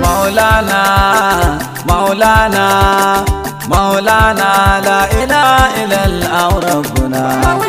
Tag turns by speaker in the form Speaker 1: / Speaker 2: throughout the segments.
Speaker 1: مولانا مولانا مولانا لا إله إلا الله ربنا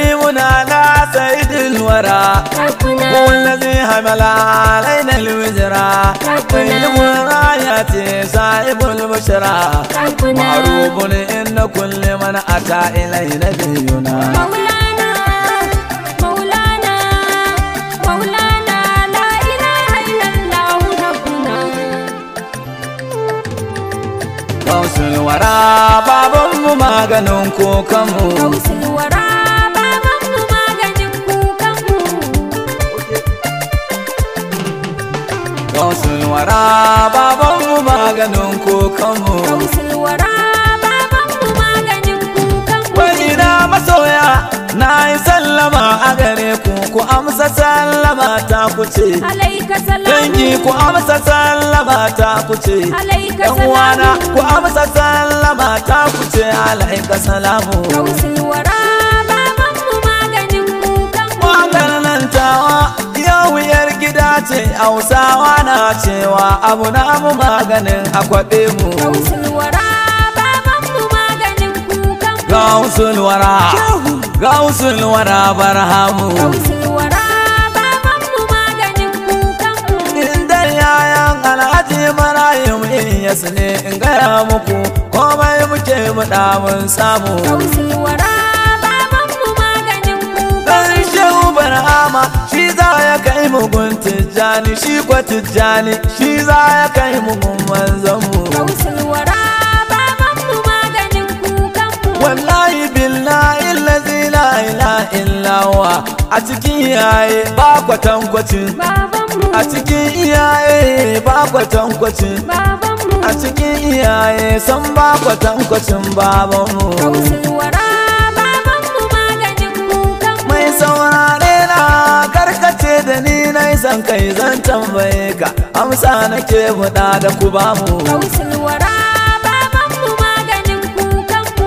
Speaker 1: والذي حمل علينا الوزراء صاحب البشرى معروف كل من maganin kokonmu. wara Kamsul wara baban mu maganin kokanmu Kamsul
Speaker 2: wara baban mu maganin kokanmu
Speaker 1: Wani na masoya na yi sallama a gare ku ku amsa sallama ta ku ce
Speaker 2: Alaika salamu Dangi ku
Speaker 1: amsa sallama ta ku ce Alaika salamu uwana ku amsa sallama ta ku ce Alaika salamu Kamsul wara ce Hausawa na cewa abu na mu maganin akwabe mu Gausulwara
Speaker 2: baban mu Gausulwara
Speaker 1: Gausulwara barhamu Gausulwara baban mu alhaji marayim Ilyas ne in gaya muku komai muke mu samu
Speaker 2: gwar ama shi za
Speaker 1: ya kai mu gun tijjani shi kwa tijjani shi za ya kai mu gun manzon mu kausulwara baban mu maganin kukan mu wallahi billahi allazi la ilaha illa huwa a cikin iyaye ba kwatankwacin a cikin iyaye ba kwatankwacin a cikin iyaye san ba kwatankwacin babanmu kausulwara zan kai zan tambaye ka amsa nake faɗa da ku ba mu
Speaker 2: baban
Speaker 1: mu maganin ku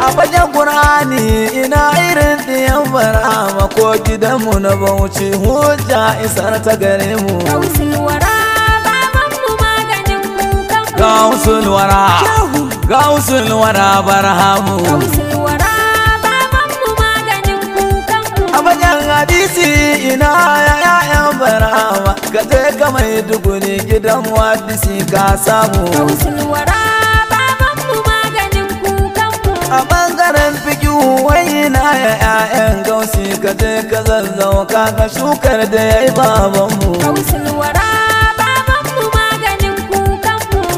Speaker 1: a fagen qur'ani ina irin diyan barama ko gidan mu na bauchi hujja isar ta gare mu
Speaker 2: kausulwara baban mu maganin kukan
Speaker 1: ku ku a hadisi ina ya ka je ka mai duguni gidan wadisi ka samu
Speaker 2: mu maganin a bangaren fiki
Speaker 1: wai na ya gausi ka je ka zazzau ka ga shukar da ya yi mu
Speaker 2: baban
Speaker 1: mu maganin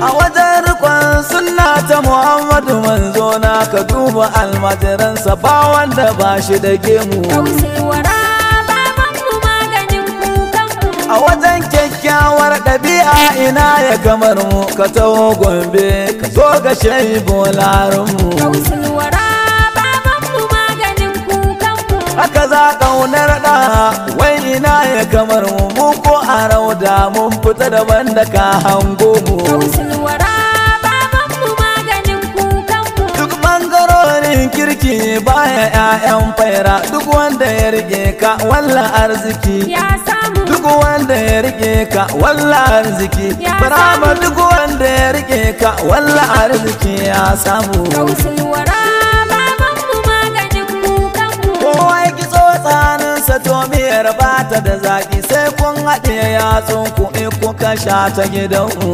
Speaker 1: a wajen rikon sunna ta Muhammadu manzo na ka duba almajiransa ba wanda ba shi da gemu a wajen kyakkyawar ɗabi'a ina ya kamar mu ka taho gombe ka zo ga shayi bolarin mu haka za ƙaunar ɗa wai ina ya kamar mu ko a rauda mun fita daban da ka hango mu ciki baya ƴaƴan faira duk wanda ya rike ka walla arziki ya samu duk wanda ya rike ka walla arziki barama duk wanda ya rike ka walla arziki ya samu tsaninsa to miyar bata da zaki sai kun haɗe yatsun ku in kuka sha ta gidan ku.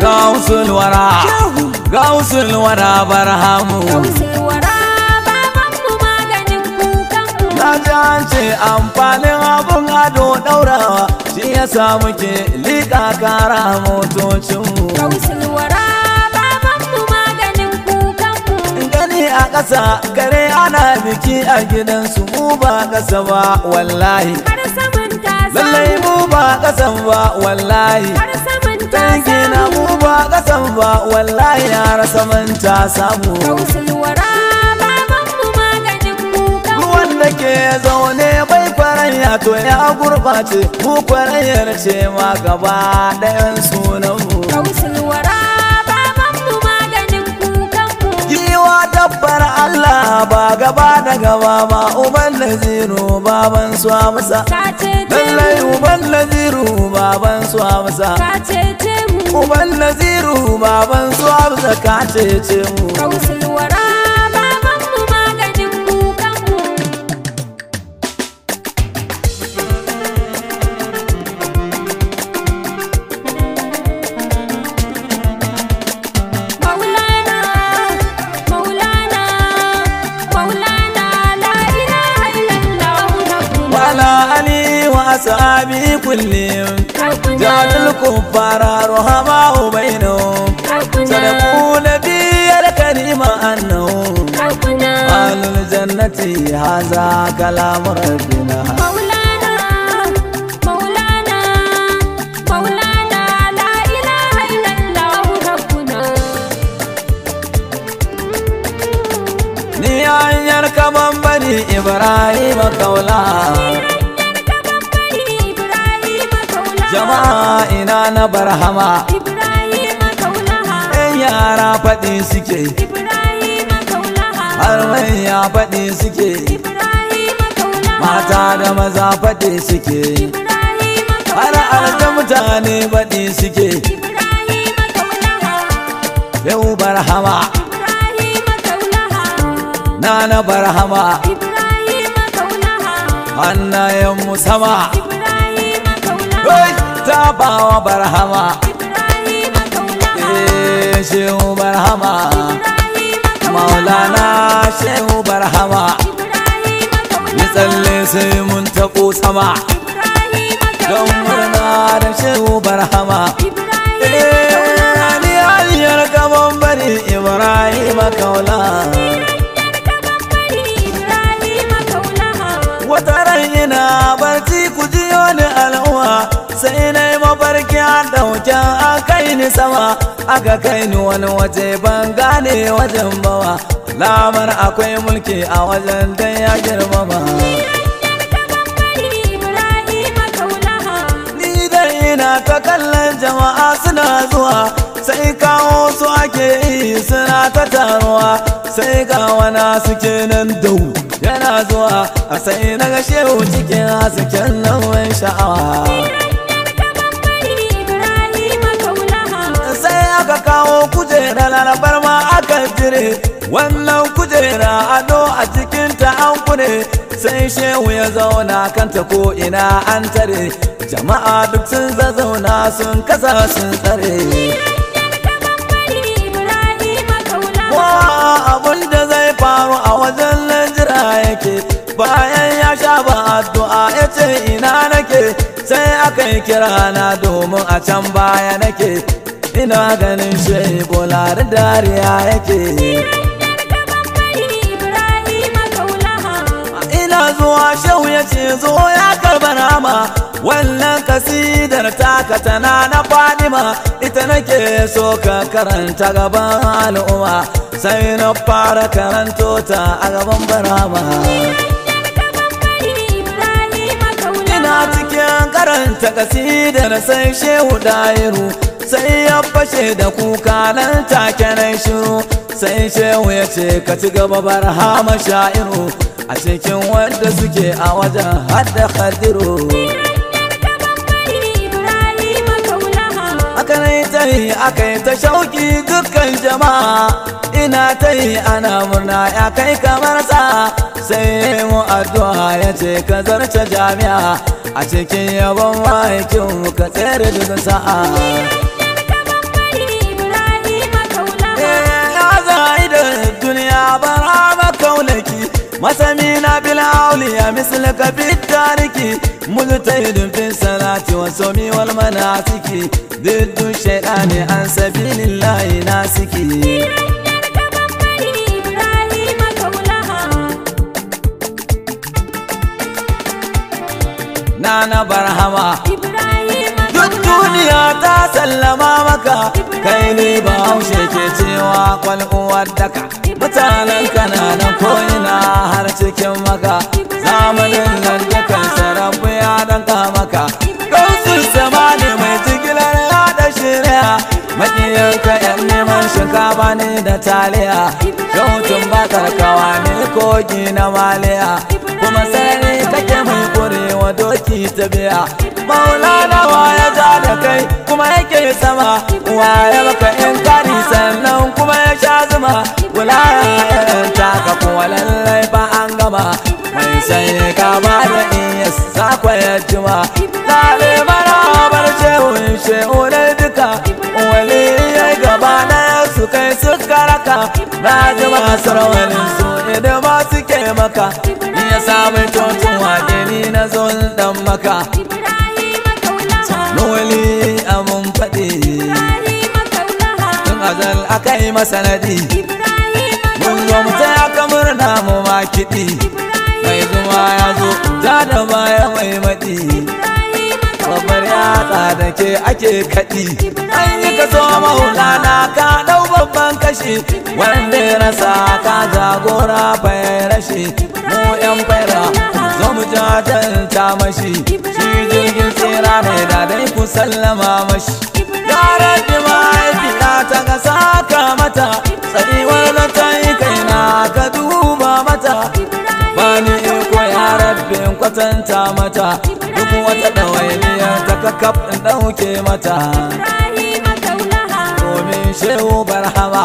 Speaker 2: gausul wara
Speaker 1: gausul wara barhamu an ce amfanin abun ado daurawa shi ya samu ke liƙa kara motocinmu gausul wara a ƙasa gare ana biki a gidansu mu ba ƙasa ba wallahi
Speaker 2: lallai mu ba
Speaker 1: ƙasa ba wallahi
Speaker 2: tanki na mu ba
Speaker 1: kasan ba wallahi na rasa manta samu kausulwara baban
Speaker 2: mu maganin mu
Speaker 1: ruwan da ke zaune bai kwaranya to ya gurbace mu kwaranyar ce ma gaba ɗayan sunan gaffar Allah ba gaba da gaba ba uban naziru baban su amsa lallai uban naziru baban su amsa uban naziru baban su amsa ka ce mu kullum jalil kubbara ruhama ubainu sadaku nabiyar karima annahu alul jannati haza kalamu rabbina Ni hanyar kaman bani Ibrahim kaula. jama'a ina na barhama
Speaker 2: ibrahima kaulaha yan yara
Speaker 1: faɗi suke
Speaker 2: ibrahima kaulaha har manya
Speaker 1: faɗi suke ibrahima kaulaha mata da maza faɗi suke ibrahima kaulaha har da mutane faɗi suke ibrahima kaulaha yau barhama
Speaker 2: ibrahima kaulaha
Speaker 1: nana barhama
Speaker 2: ibrahima kaulaha
Speaker 1: hannayen musama ibrahima kaulaha ta bawa barhama eh, shehu barhama maulana shehu barhama ya sai mun taɓo sama don murna da shehu barhama aliyar eh, gaban bari ibrahim kaula wata ran ɗauke a kai ni sama aka kai ni wani waje ban gane wajen bawa lamar akwai mulki a wajen dan ya girmama ni dan ina ta kallon jama'a suna zuwa sai kawo su ake yi suna ta taruwa sai ga suke nan dau yana zuwa a sai na ga shehu cikin hasken lauyan sha'awa kujerar barma aka jire wannan kujera ado a cikinta an kune sai shehu ya zauna kanta ko ina an tare jama'a duk sun zazzauna sun kasa sun tsare abun da zai faru a wajen jira yake bayan ya sha ba addu'a ya ce ina nake sai aka yi kira na domin a can baya nake ina ganin shehi bolar dariya yake ina zuwa shehu ya ce zo ya karba nama wannan kasidar taka tana na fadima ita nake so ka karanta gaban al'umma sai na fara karanto ta a gaban barama. ina cikin karanta kasidar sai shehu dairu sai ya fashe da kuka nan take nan shiru sai shehu ya ce ka ci gaba bar hama sha'iru a cikin wanda suke a wajen hadda khadiru aka ta yi ta shauki dukkan jama'a ina ta yi ana murna ya kai kamar sa sai mu addu'a ya ce ka zarce jami'a a cikin yabon mahaikin ka tsere duk sa'a masami na bilawri a misali ka bi tariki musu ta salati wasu maza maza maza a ciki ne an sabbin layi na a ciki. na na sallama maka kai ne ba haushe ke cewa kwal uwar daka mutanen kananan koyina har cikin maka zamanin nan da kansa ya danka maka kausun sama ne mai jigilar yada shirya makiyanka yan neman shinkafa ne da taliya tun ba karkawa ne kogi na maliya kuma sai ma ta biya maulana wa ya da kai kuma yake sama wa ya maka yan kari sannan kuma ya sha zuma wala yan taka kuma lallai ba an gama mai sai ka ba da iya sakwa ya juma lale mara bar shehun shehunai duka wali ya gaba na su kai su karaka na jima sarawanin su su ke maka ni ya samu cocin wake ni na zon dan maka noli mun faɗi tun azal aka yi masa mun zo mu aka murna mu ma kiɗi mai zuma ya zo ta da baya mai maɗi babbar yatsa da ke ake kaɗi an yi kaso maulana ka ɗau babban kashi wanda ya rasa ka jagora bai rashi mu yan fara zo mu jajanta mashi shi jirgin tsira ne da dai ku sallama mashi yaran da ma'aikata ta ga saka mata tsariwar da ta yi kaina ka duba mata bani iko ko yaran kwatanta mata duk wata ɗawaini ta kaf ɗauke mata.
Speaker 2: Ibrahim Kaulaha.
Speaker 1: Domin shehu barhama.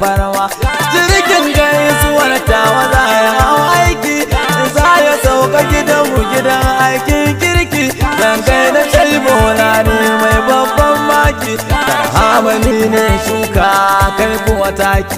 Speaker 1: barawa jirgin gaisuwar tawa za ya hau aiki za ya sauka gidanmu gidan aikin kirki zan kai na shaibola ne mai babban maki hamani ne shuka kai kuwa taki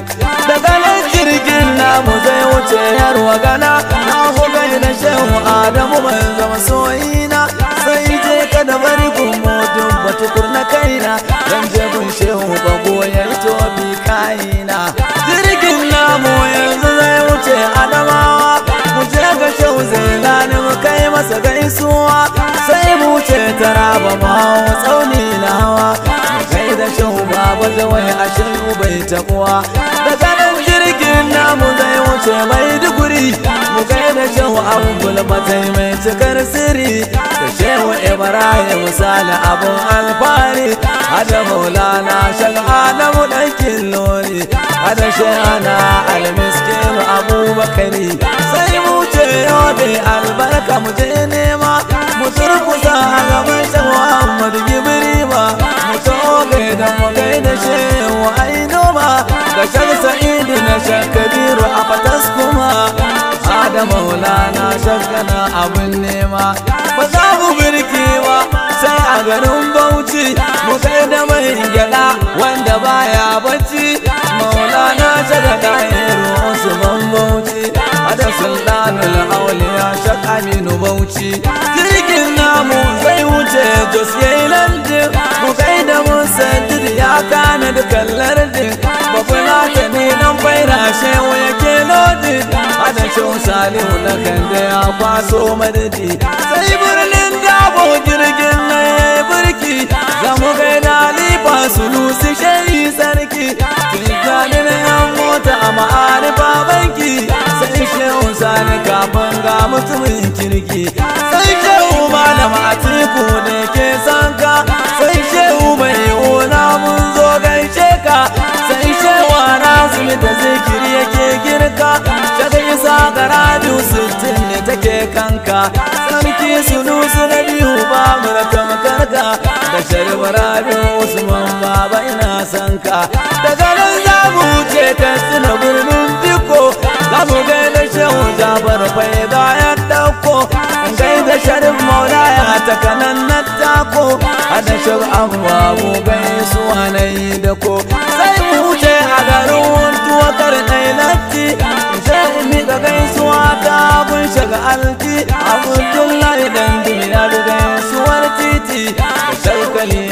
Speaker 1: daga nan jirgin namu zai wuce yarwa gana na hukai na shehu adamu mai zama soyina sai je ka da bari gumo duk batu kurna kaina zan je gun shehu ba goya ito bi kaina jirgin namu yanzu zai wuce adamawa mu je ga shehu zai mu kai masa gaisuwa sai mu wuce taraba ma tsauni na mu kai da shehu baba da wai a shehu bai takuwa daga nan jirgin namu zai wuce mai duguri mu da jawo abdul batai mai cikar siri da shehu ibrahim sale abun alfari hada maulana alamu ɗankin lori hada shehana almiskinu abubakari sai mu ce yau da albarka mu je nema mu turkusa a gaban shahu ahmadu gibrima mu toge da mu da shehu ainoma da shan sa'idu na Kabiru a fatas kuma da maulana shakana abin nema ba za mu birke ba sai a garin bauchi mu kai da mai gyada wanda baya bacci maulana shakana ya ruwan su ban bauchi sultanul auliya shak aminu bauchi jirgin namu zai wuce jos yayi lardin mu kai da musadir ya kana Ba ku babu lata ne nan faira shewa yake lodin ana cewa salihu na kan da ya kwaso madadi sai birnin dabo jirgin na ya burki za mu kai da su sulusi shayi sarki jirgin na yan mota a ma'arifa banki sani kafin ga mutumin kirki sai ma shehu malam atiku da ke sanka sai shehu mai ona mun zo gaishe ka sai shehu anasimi da zikiri yake girka daga isa ga radio sittin ne take kanka sarki sunusu na biyu ba mu da tamkar da sharbar rabiu usman baba ina sanka daga nan za mu wuce ta suna birnin za mu gaida shehu jabar bai bayan dauko gaida sharif maula ya takanan na tako da shir amma mu gaisuwa na yi da ko sai mu wuce a garin wantuwa karnai latti sai mi ga gaisuwa ta gun shiga alti abdullahi dan duniya da gaisuwar titi da shaikali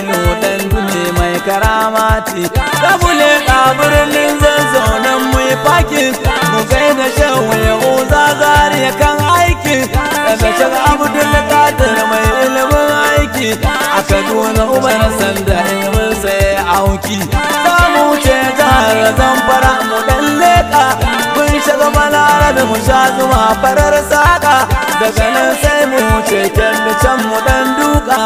Speaker 1: dan duniya mai karamati da ne a birnin yi fakin mu gaida shan wayo zagari kan aiki daga can abdul kadir mai ilimin aiki a kaduna umar sanda ilimin sai auki samu mu wuce jihar zamfara mu dan leka mun shiga balara da mu sha zuma farar saka daga nan sai mu wuce kyan can mu dan duka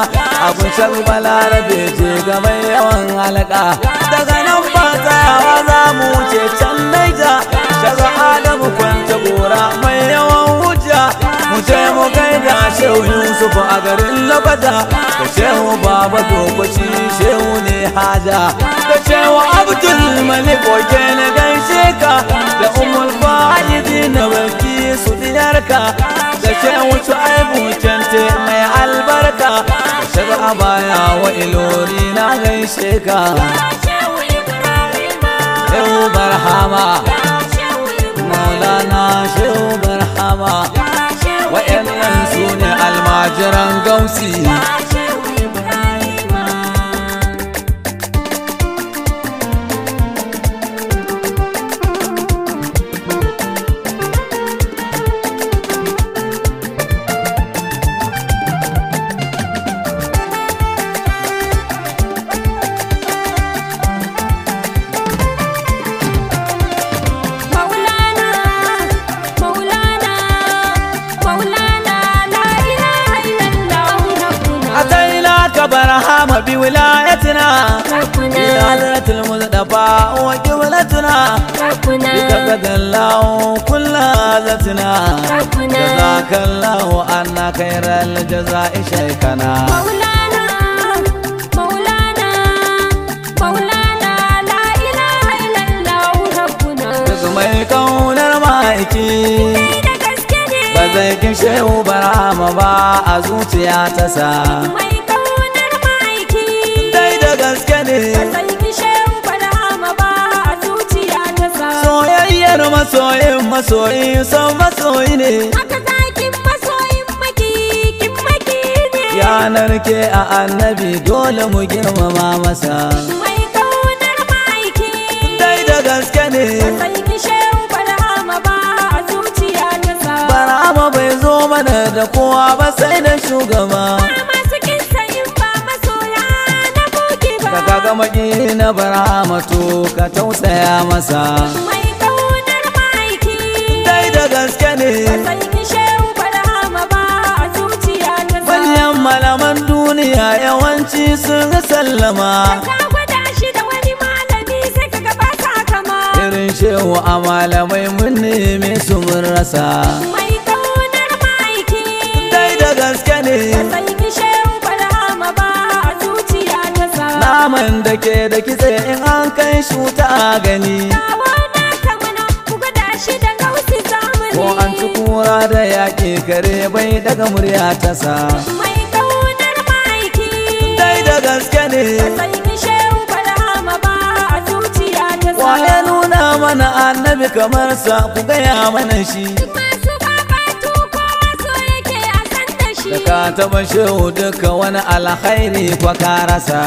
Speaker 1: abin shiga balara da je ga mai yawan halaka daga nan ba tsayawa za mu ce can naija daga adamu kwanta gora mai yawan hujja mu ce mu kai da shehu yusuf a garin labada da shehu baba dokoci shehu ne haja da shehu abdul malik wake na gaishe ka da umul fa'idi na waki su diyarka da shehu su aibu mai albarka da shaga baya wa ilori na gaishe ka shehu barhama maulana shehu barhama wa'annan su ne almajiran gamsi ma bi wilayatina ya halatul muzdafa wa qiblatuna ya kabadallahu kullu jazakallahu anna khairal jazai shaykana
Speaker 2: Ba zai shehu
Speaker 1: barama ba a zuciya ta sa. Mai
Speaker 2: ne ka sai kishin fada ma ba a zuciya ta sa soyayyar masoyin
Speaker 1: masoyi son masoyi ne
Speaker 2: haka zakin masoyin maki kin maki ne yanar
Speaker 1: a annabi dole mu girmama masa mai
Speaker 2: kaunar maiki dai da gaske ne ka sai kishin fada ma ba a zuciya ta sa barama
Speaker 1: bai zo mana da kowa ba sai da shugaba ga magi na baramatu ka tausaya masa mai
Speaker 2: kaunar ma'aiki dai da gaske ne manyan
Speaker 1: malaman duniya yawanci sun sallama
Speaker 2: da wani malami
Speaker 1: irin shehu a malamai mun neme su mun rasa
Speaker 2: mai kaunar ma'aiki dai da gaske ne
Speaker 1: Zaman da ke da kitse in an kai shuta gani ko an ci kura da yaƙi kare bai daga murya ta sa mai
Speaker 2: kaunar ma'aiki dai da gaske ne wa ya nuna
Speaker 1: mana annabi kamar sa ku gaya mana shi da ka taɓa shehu duka wani alkhairi kwa karasa.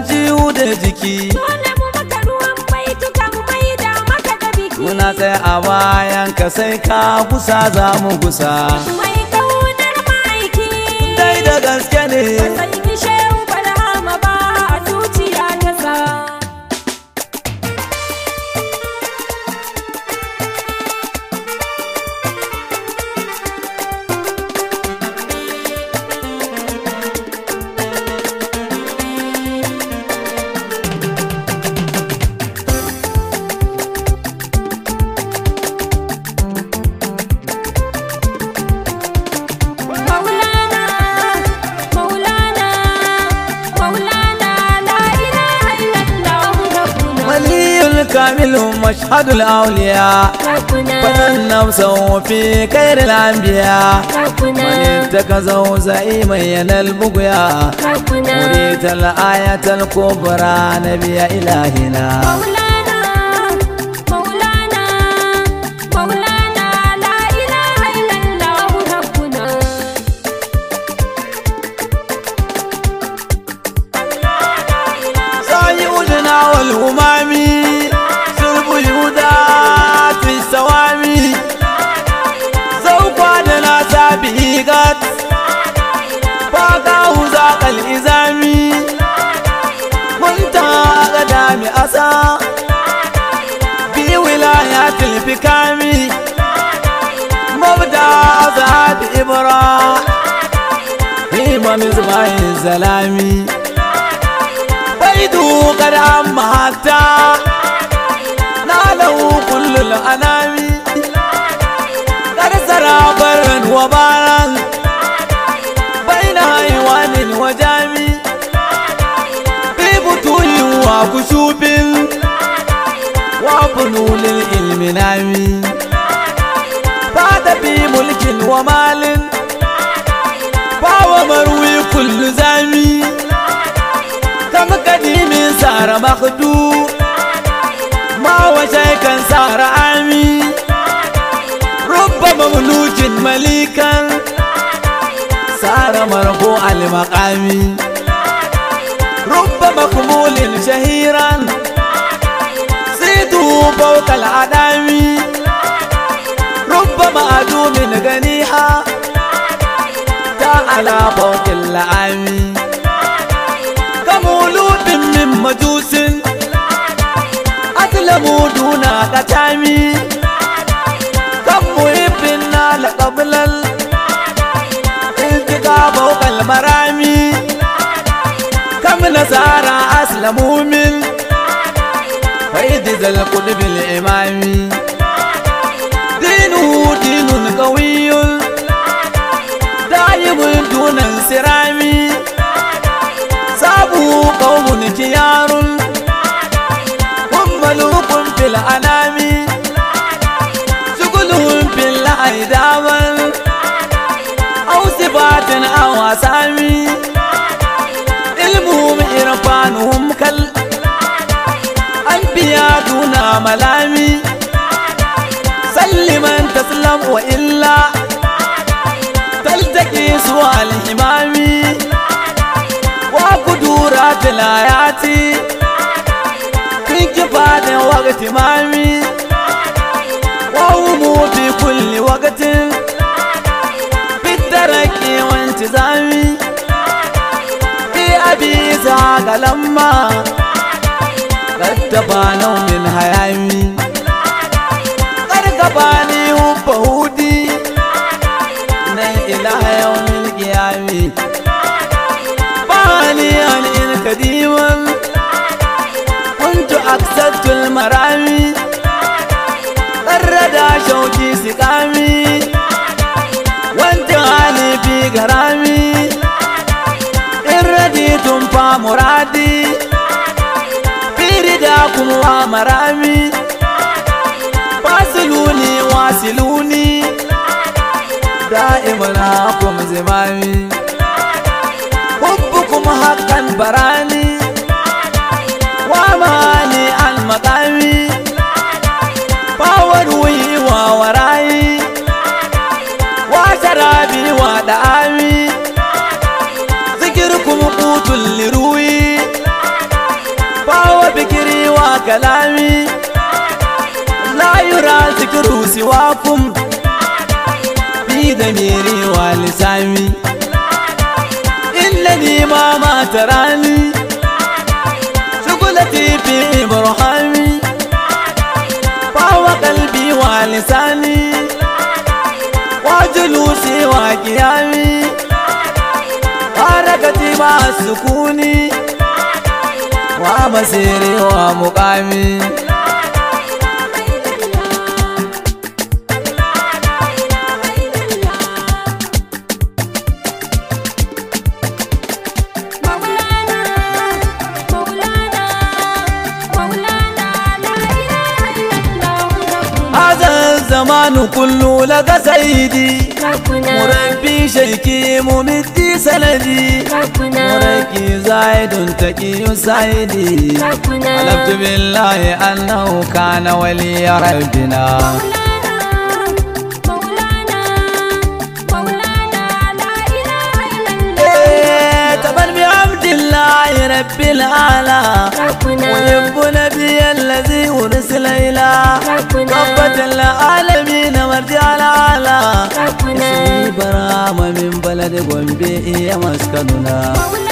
Speaker 1: ka a bayan ka sai ka gusa za mu kusa. mai kaunar ma'aiki dai da gaske ne الكامل مشهد الأولياء
Speaker 2: فننفسه
Speaker 1: وفي خير الأنبياء من اتكزه زعيما ينال بقيا
Speaker 2: أريد
Speaker 1: الآية الكبرى نبي إلهنا مولانا الكامي مبدع ذات إبرة إمام إسماعيل الزلامي بيدو قد أم حتى نالوا كل الأنام قد سرى برا وبارا بين حيوان وجامي بيبو في بطول وكشوف fulunin ilminami ba da bi mulkin wa malin ba wa marwi kullu zami kama kadimin tsara makudu ma wa shaikan tsara ami rubba mamlukin malikan tsara marko alimakami rubba makumulin shahiran فوق الأعلام ربما أدوم غنيها تعالى فوق اللعام كمولود من مجوس أسلم دون قتام كم محبنا لقبل الالتقى فوق المرامي كم نزار أسلموا من dalakuni bil imami dinu dinun kawiyul dayibu dunan sirami sabu qawmun kiyarul ummalukum bil anami shuguluhum bil aidawal aw sifatin aw asami ilmuhum irfanuhum kal ya tuna malami salliman taslam wa illa taltaki su alhimami wa kudura talayati kin kifa da wakati mami wa umu fi kulli wakatin fitara kewanci zami fi abi zagalamma rattaba naumin hayami karkabani hubba hudi nan ila yawmin qiyami bani an in kadiman kuntu aksattul marami qarrada shauki siqami wanta hali fi garami in raditun fa muradi kuma marami fasiluni wasiluni na hakum zimami hubbu kuma hakan barani wa kalami layu ra tikuru si kum bi da miri wa lisami illa ni ma ma tarani sukulati fi ibrahami fa wa kalbi wa lisani wa julusi wa kiyami Arakati ba sukuni. wa basiri wa mukami zamanu kullum lagasa yi di murna shaki mu bi saladi sanadi murna kizan yi dun ta iya zayi di na wani yarabina. رب العلا ويبقى بي الذي أرسل إلى ربة العالمين على علا اسمي برام من بلد قنبي يا مسكننا